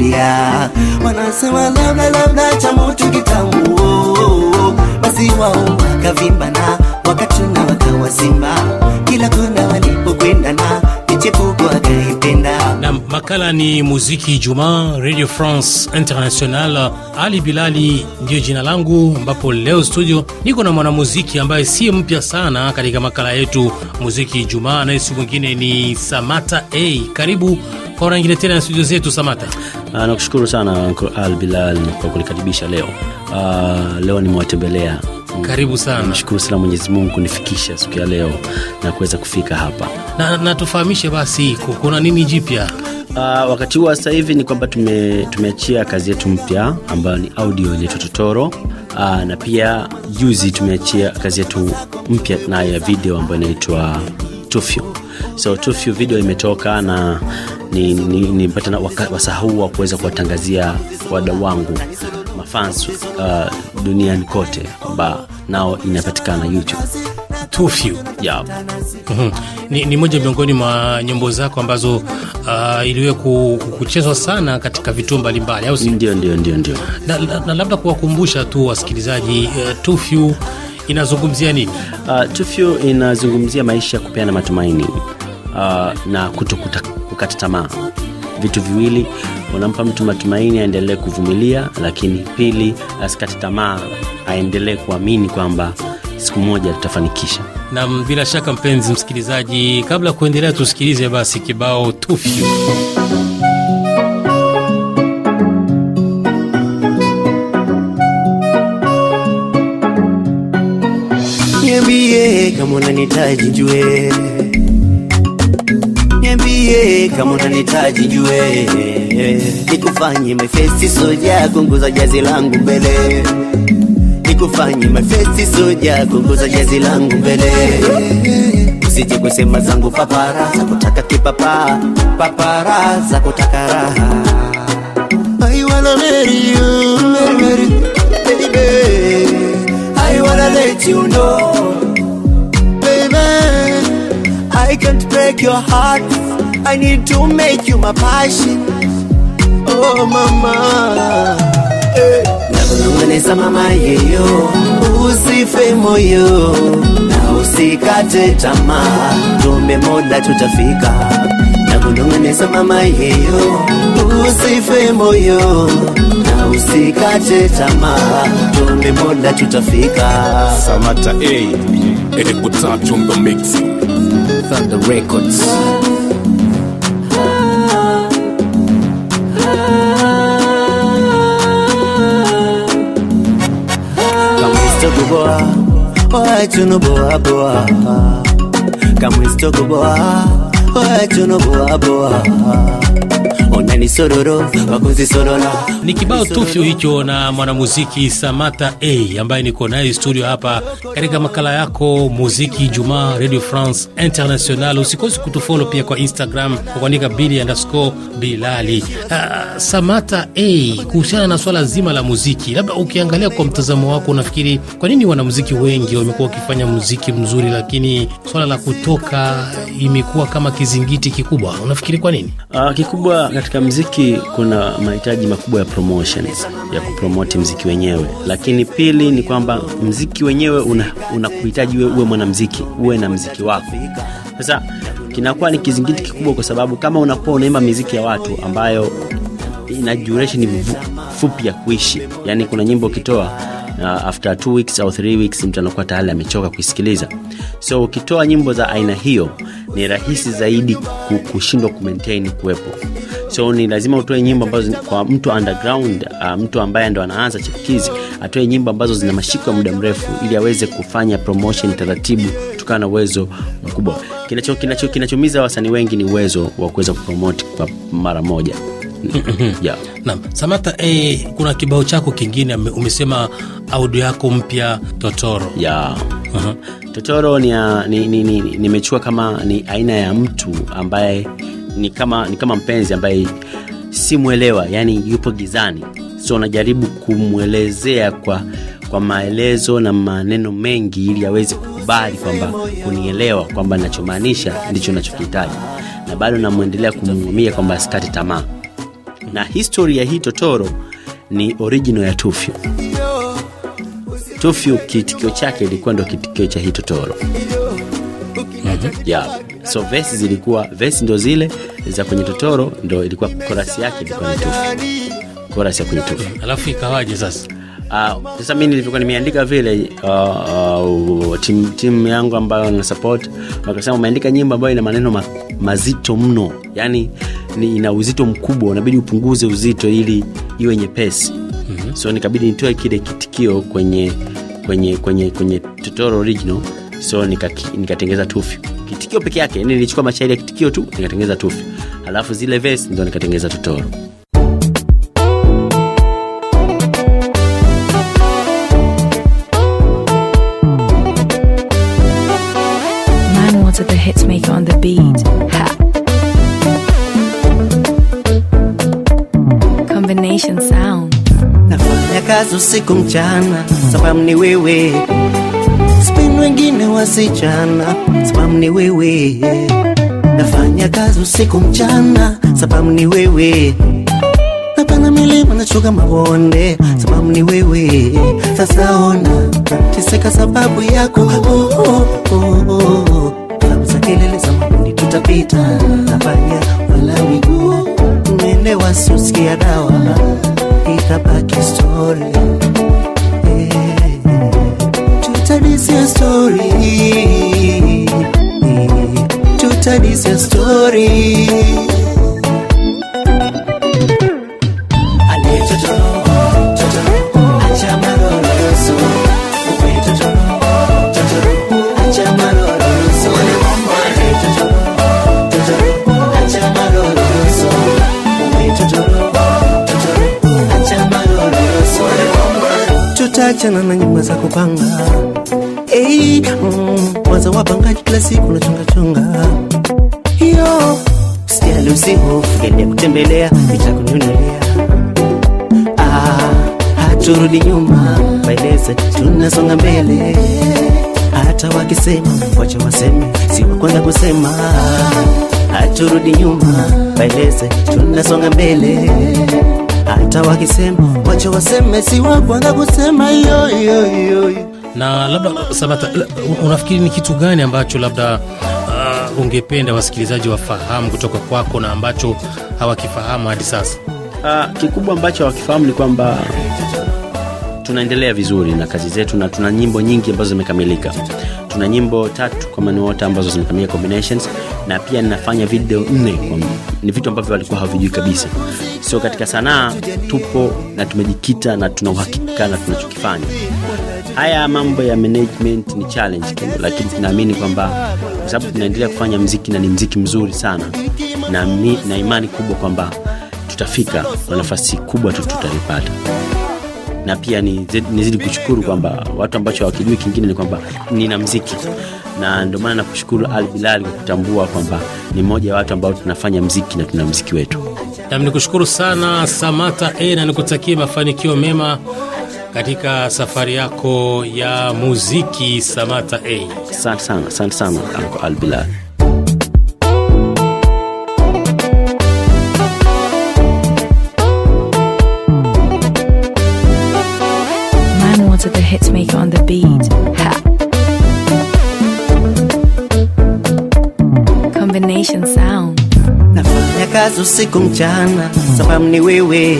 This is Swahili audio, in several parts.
kurudia. Wanasema labda labda cha moto kitamu, basi wao kavimba na wakati na wakawa simba, kila kuna walipokwenda na michepuko akaipenda. Na makala ni muziki juma, Radio France International. Ali Bilali ndiyo jina langu, ambapo leo studio niko na mwanamuziki ambaye si mpya sana katika makala yetu muziki Jumaa, naye si mwingine ni Samata A. karibu kwa nyingine tena na studio zetu Samata. Ah, nakushukuru sana Uncle Al Bilal kwa kunikaribisha leo. Uh, leo nimewatembelea karibu sana. nashukuru sana Mwenyezi Mungu kunifikisha siku ya leo na kuweza kufika hapa, na natufahamishe basi kuna nini jipya? Uh, wakati huu sasa hivi ni kwamba tume, tumeachia kazi yetu mpya ambayo ni audio inaitwa Totoro. Uh, na pia juzi tumeachia kazi yetu mpya nayo ya video ambayo inaitwa Tufyu. So Tufyu video imetoka na nipate ni, ni, wasahau wa kuweza kuwatangazia wadau wangu mafans uh, duniani kote kwamba nao inapatikana YouTube. Yeah. Mm-hmm. Ni, ni moja miongoni mwa nyimbo zako ambazo uh, iliwe kuchezwa sana katika vituo mbalimbali au Ndio, ndio, ndio, ndio. Na, na, na labda kuwakumbusha tu wasikilizaji uh, inazungumzia nini? Uh, inazungumzia maisha ya kupeana matumaini uh, na kutokuta kukata tamaa. Vitu viwili, unampa mtu matumaini aendelee kuvumilia, lakini pili, asikate tamaa, aendelee kuamini kwamba siku moja tutafanikisha. Nam, bila shaka mpenzi msikilizaji, kabla ya kuendelea, tusikilize basi kibao tufyu niambie kama unanitaji jue niambie kama unanitaji jue nikufanye mefesi soja kunguza jazi langu mbele nikufanye mefesi soja kunguza jazi langu mbele usije kusema zangu papara za kutaka kipapa papara za kutaka raha I wanna I wanna let you know keep your heart. I need to make you my passion. Oh, mama. Hey. Eh. mama yeyo, usife moyo na usikate tamaa, tume moda tutafika. Nakunongoneza mama yeyo, usife moyo na usikate tamaa, tume moda tutafika. Samata A, hey. Eh. Elikutatu eh, mix. Thunder Records. Boa, oi tuno boa boa. Kamu istoko boa, oi tuno boa boa. onani sororo wapenzi sororo. Ni kibao tufyo hicho na mwanamuziki Samata A ambaye niko naye studio hapa katika makala yako muziki Jumaa Radio France International. Usikosi kutufollow pia kwa Instagram kwa kuandika bili underscore bilali. Uh, ah, Samata A, kuhusiana na swala zima la muziki, labda ukiangalia kwa mtazamo wako, unafikiri kwa nini wanamuziki wengi wamekuwa wakifanya muziki mzuri, lakini swala la kutoka imekuwa kama kizingiti kikubwa? Unafikiri kwa nini? Uh, kikubwa katika mziki kuna mahitaji makubwa ya promotions, ya kupromoti mziki wenyewe, lakini pili ni kwamba mziki wenyewe unakuhitaji una uwe mwanamziki, uwe na mziki wako. Sasa kinakuwa ni kizingiti kikubwa, kwa sababu kama unakuwa unaimba miziki ya watu ambayo ina duration fupi ya kuishi, yani kuna nyimbo ukitoa uh, after two weeks au three weeks mtu anakuwa tayari amechoka kuisikiliza. So ukitoa nyimbo za aina hiyo ni rahisi zaidi kushindwa kumaintain kuwepo so ni lazima utoe nyimbo ambazo kwa mtu underground, uh, mtu ambaye ndo anaanza chipukizi atoe nyimbo ambazo zina mashiko ya muda mrefu, ili aweze kufanya promotion taratibu, kutokana na uwezo mkubwa. kinacho kinacho, kinachomiza wasanii wengi ni uwezo wa kuweza kupromote kwa mara moja. Mm-hmm. Yeah. Na, Samata, eh, kuna kibao chako kingine umesema audio yako mpya Totoro. Yeah. Uh-huh. Totoro nimechukua ni, ni, ni, ni kama ni aina ya mtu ambaye ni kama, ni kama mpenzi ambaye simwelewa, yani yupo gizani, so najaribu kumwelezea kwa kwa maelezo na maneno mengi ili aweze kukubali kwamba kunielewa kwamba nachomaanisha ndicho nachokihitaji, na bado namwendelea kumuumia kwamba asikate tamaa. Na histori ya hii totoro ni original ya Tufyu. Tufyu kitikio chake ilikuwa ndo kitikio cha hii totoro. So vesi zilikuwa vesi ndo zile za kwenye totoro, ndo ilikuwa korasi yake ilikuwa ni korasi ya kwenye tufu Alafu ikawaje sasa? Uh, sasa nilivyokuwa nimeandika vile uh, uh, timu tim yangu ambayo na support wakasema umeandika nyimbo ambayo ina maneno ma, mazito mno, yani ni, ina uzito mkubwa, unabidi upunguze uzito ili iwe nyepesi. mm -hmm. So nikabidi nitoe kile kitikio kwenye kwenye kwenye kwenye Totoro original so nikatengeza nika tufi kitikio peke yake, yani nilichukua mashairi ya kitikio tu nikatengeza tufi, alafu zile vesi ndo nikatengeza tutoro. Man Nafanya kazi usiku mchana, sababu ni wewe wengine wasichana, sababu ni wewe. Nafanya kazi usiku mchana, sababu ni wewe. Napanda milima nashuka mabonde, sababu ni wewe. Sasa ona tiseka sababu yako, oh, oh, oh, oh Za kelele za makundi tutapita, nafanya wala miguu, umeelewa? Siusikia dawa, itabaki story Tutadisia story, na nyumba za kupanga hey, mm, mwanza wapangaji kila siku na yo hiyo sijali usiku ende kutembelea itakunyonelea ah, haturudi nyuma maeleza tunasonga mbele hata wakisema wacha waseme siwa kwanza kusema haturudi nyuma maeleze tunasonga mbele hata wakisema wacha waseme siwa kwanza kusema yo, yo, yo. Na labda Sabata, unafikiri ni kitu gani ambacho labda uh, ungependa wasikilizaji wafahamu kutoka kwako na ambacho hawakifahamu hadi sasa? Uh, kikubwa ambacho hawakifahamu ni kwamba tunaendelea vizuri na kazi zetu na tuna nyimbo nyingi ambazo zimekamilika. Tuna nyimbo tatu kwa maana wote ambazo zimekamilika combinations, na pia ninafanya video nne. Ni vitu ambavyo walikuwa hawavijui kabisa. So katika sanaa tupo na tumejikita na tuna uhakika na tunachokifanya. Haya mambo ya management ni challenge kidogo, lakini tunaamini kwamba kwa sababu tunaendelea kufanya mziki na ni mziki mzuri sana, na, mi, na imani kubwa kwamba tutafika kwa nafasi kubwa tu tutaipata na pia nizidi kushukuru kwamba watu ambacho hawakijui kingine ni kwamba nina mziki, na ndio maana nakushukuru al Bilali kwa kutambua kwamba ni mmoja ya watu ambao tunafanya mziki na tuna mziki wetu. ni nikushukuru sana Samata e, na nikutakie mafanikio mema katika safari yako ya muziki Samata A. Asante sana, asante sana Anko Albilal. Nafanya kazi usiku mchana, sababu ni wewe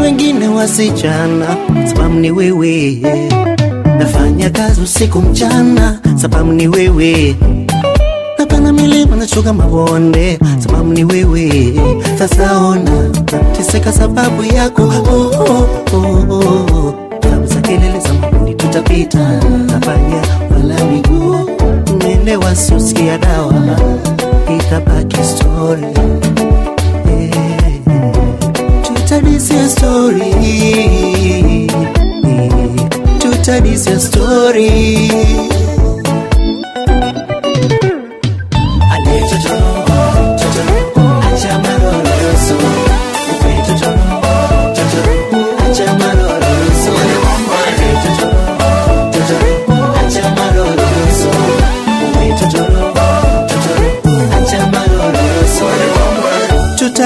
wengine wasichana, sababu ni wewe. Nafanya kazi usiku mchana, sababu ni wewe. Napanda milima nashuka mabonde, sababu ni wewe. Sasa ona sababu yako, oh, oh, oh, oh. oh. za kelele za tutapita, nafanya wala miguu nene wasiosikia dawa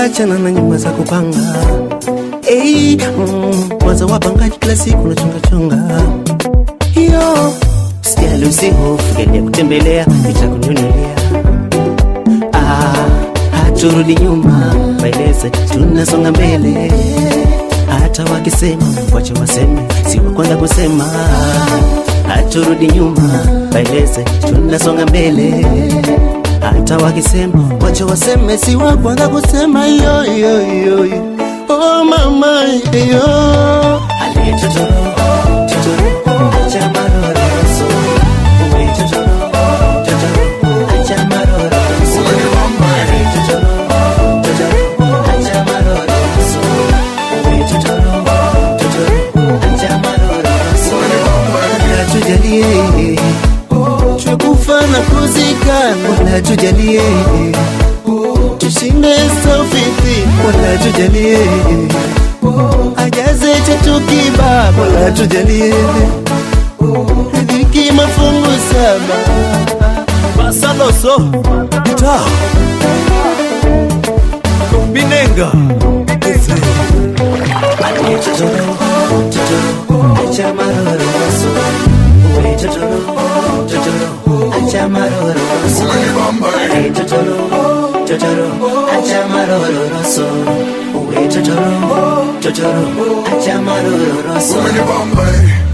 achana na nyuma za kupanga hey, mm, mwaza wapangaji kila siku na chongachonga hiyo sijali usihofu gadi kutembelea nitakunyonelea ah, haturudi nyuma maeleza tunasonga mbele hata wakisema wache waseme si kwanza kusema haturudi nyuma maeleze tunasonga mbele hata wakisema wacho waseme, si wa kwanza kusema yo yo yo yo. Oh mama yo Alitoto. Yeah kufa na kuzika, wala tujalie, tushinde sofithi, wala tujalie, ajaze chetu kiba, wala tujalie, riziki mafungu saba basaloso ta binenga Chama acha maroroso Hey chochoro, chochoro, acha maroroso Hey chochoro, chochoro, acha maroroso Bombay